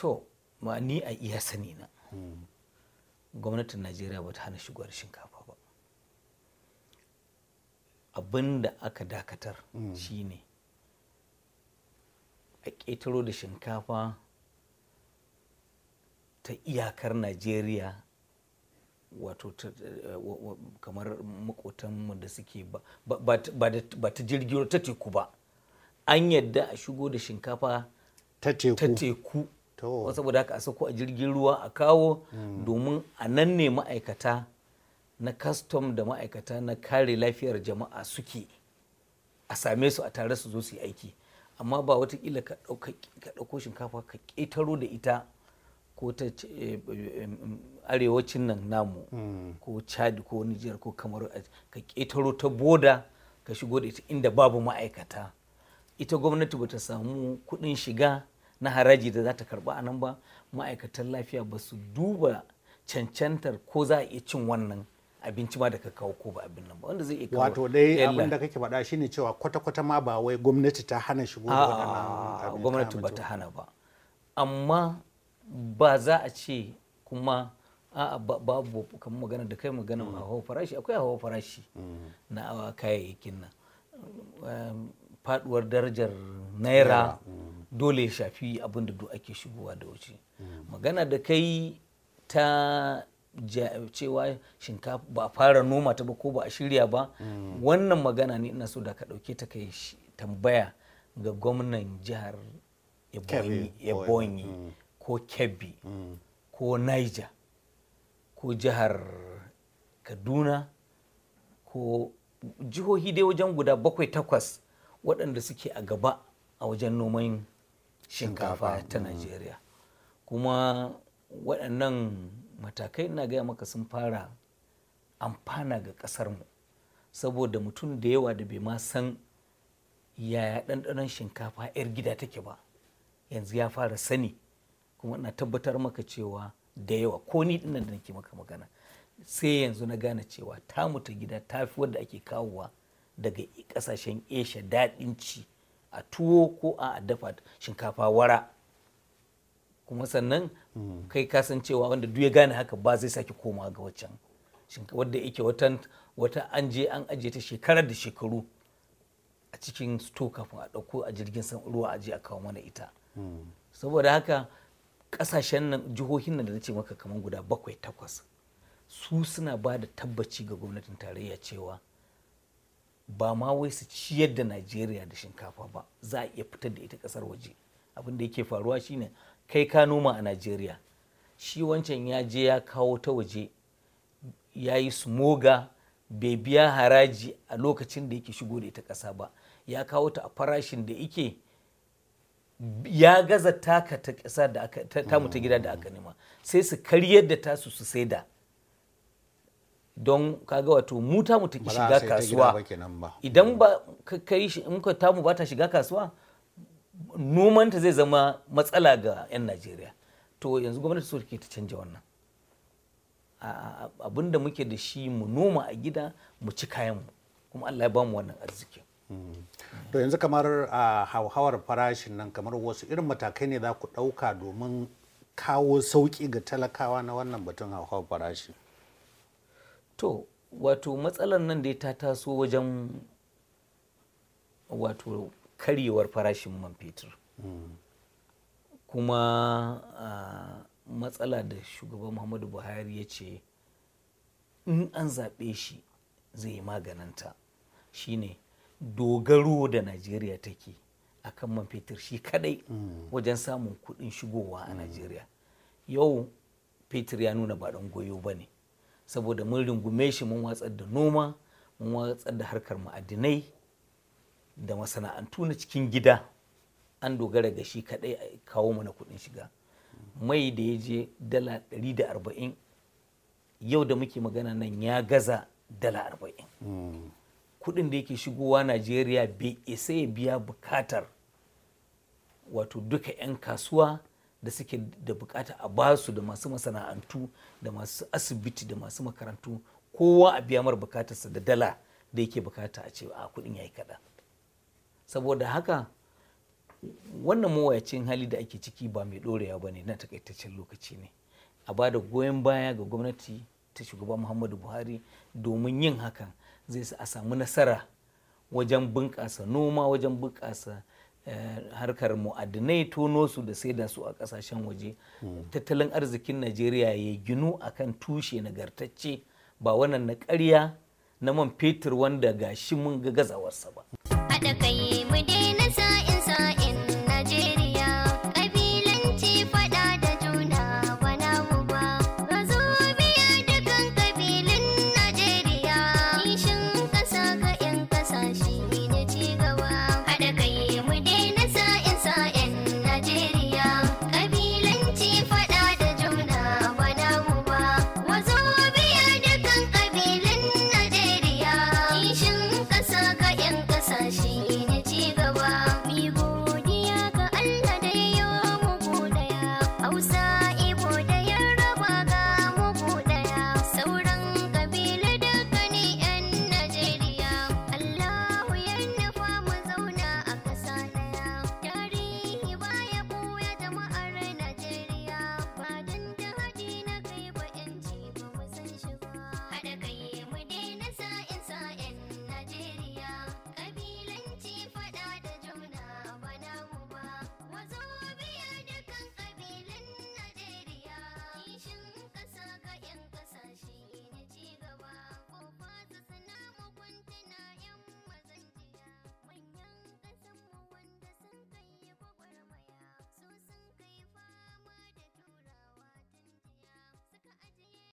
to ma ni a iya sani na gwamnatin najeriya ba ta hana shigowar shinkafa ba abin da aka dakatar mm. shine a ƙetaro da shinkafa ta iyakar najeriya wato eh, kamar makotanmu da suke ba ta jirgin ta teku ba an yadda a shigo da shinkafa ta teku saboda haka a sako a jirgin ruwa a kawo domin a nan ne ma'aikata na kastom da ma'aikata na kare lafiyar jama'a suke a same su a tare su zo su yi aiki amma ba watakila ka ɗauko shinkafa ka ƙetaro da ita ko ta eh, eh, mm, mm, arewacin nan namu hmm. ko chad ko nijar ko kamar ka ƙetaro ta boda ka shigo da ita inda babu ma'aikata ita gwamnati bata samu kuɗin shiga na haraji da za ta karba a nan ba ma'aikatan lafiya ba su duba cancantar ko za a iya cin wannan abinci ma da ka kawo ko ba abin nan ba wanda zai iya kawo wato dai abin da kake faɗa shine cewa kwata-kwata ma ba wai gwamnati ta hana shigo da gwamnati ba ta hana ba amma ba za a ce kuma a'a babu kamar magana da kai magana mm. a hawa farashi akwai hawa farashi mm. na ah, kayayyakin nan faduwar darajar naira mm. dole ya shafi abin da ake shigowa da wuce magana da kai ta cewa shinkafa ba fara noma ta ba ko ba a shirya ba wannan magana ne ina so da ka ɗauke ta kai tambaya ga gwamnan jihar ebonyi mm. ko kebbi mm. ko niger ko jihar kaduna ko jihohi dai wajen guda bakwai takwas waɗanda suke a gaba a wajen noman shinkafa ta mm. najeriya kuma waɗannan matakai ina gaya maka sun fara amfana ga ƙasarmu saboda mutum da yawa da bai ma san yaya ɗanɗanon shinkafa 'yar gida take ba yanzu ya fara sani kuma ina tabbatar maka cewa da yawa ko ni dinnan da nake maka magana sai yanzu na gane cewa tamu ta gida tafi wadda ake kawowa daga ƙasashen asia daɗin ci a tuwo ko a dafa shinkafa wara kuma sannan kai kasancewa wanda duk ya gane haka ba zai sake koma ga waccan wadda yake watan wata an je an ajiye ta shekarar da shekaru a cikin sto kafin a ɗauko a jirgin san ruwa a je a kawo mana ita saboda haka ƙasashen nan jihohin nan da na ce maka kamar guda bakwai takwas su suna ba da tabbaci ga gwamnatin tarayya cewa ba ma wai su ciyar da najeriya da shinkafa ba za a iya fitar da ita kasar waje abin da yake faruwa shine kai ka noma a najeriya shi wancan ya je ya kawo ta waje ya yi smoga bai biya haraji a lokacin da yake shigo da ita ƙasa ba ya kawo ta a farashin da yake ya gaza taka ta ƙasa da aka ta gida da aka nema sai su karyar da tasu su saida don kaga wato mu ta mu take shiga kasuwa idan ba kai in ka ta mu ba ta shiga kasuwa nomanta zai zama matsala ga 'yan Najeriya to yanzu gwamnati so take ta canja wannan abinda muke da shi mu noma a gida mu ci kayan mu kuma Allah ya bamu wannan arziki hmm. to yanzu kamar a hauhawar farashin nan kamar wasu irin matakai ne za ku ɗauka domin kawo sauƙi ga talakawa na wannan batun hauhawar farashi to wato matsalar nan da ya ta taso wajen wato karyewar farashin man fetur mm. kuma matsala da shugaban muhammadu buhari ya ce in an zaɓe shi zai yi maganinta shine dogaro da najeriya take akan man fetur shi kadai mm. wajen samun kuɗin shigowa a mm. najeriya yau fetur ya nuna ba ɗan goyo ba ne saboda mun rungume shi mun watsar da noma mun watsar da harkar ma'adinai da masana'antu na cikin gida an dogara ga shi kadai a kawo mana kudin shiga mai da ya je dala 140 yau da muke magana nan ya gaza dala 40 hmm. kudin da yake shigowa najeriya bai isa ya biya bukatar wato duka 'yan kasuwa da suke da bukata a basu da masu masana'antu da masu asibiti da masu makarantu kowa a biya mar bukatarsa da dala da yake bukata a ce a kudin yayi kaɗan saboda haka wannan mawayacin hali da ake ciki ba mai dorewa ba ne na takaitaccen lokaci ne a ba da goyon baya ga gwamnati ta shugaba muhammadu buhari domin yin hakan zai a samu nasara wajen bunƙasa noma wajen bunƙasa Eh, harkar mu'adinai tono su da saida su a kasashen waje hmm. tattalin arzikin najeriya ya ginu akan tushe nagartacce ba wannan na ƙarya na man fetur wanda gashi mun ga gazawarsa ba. Haɗa kai mu daina sa'in sa'in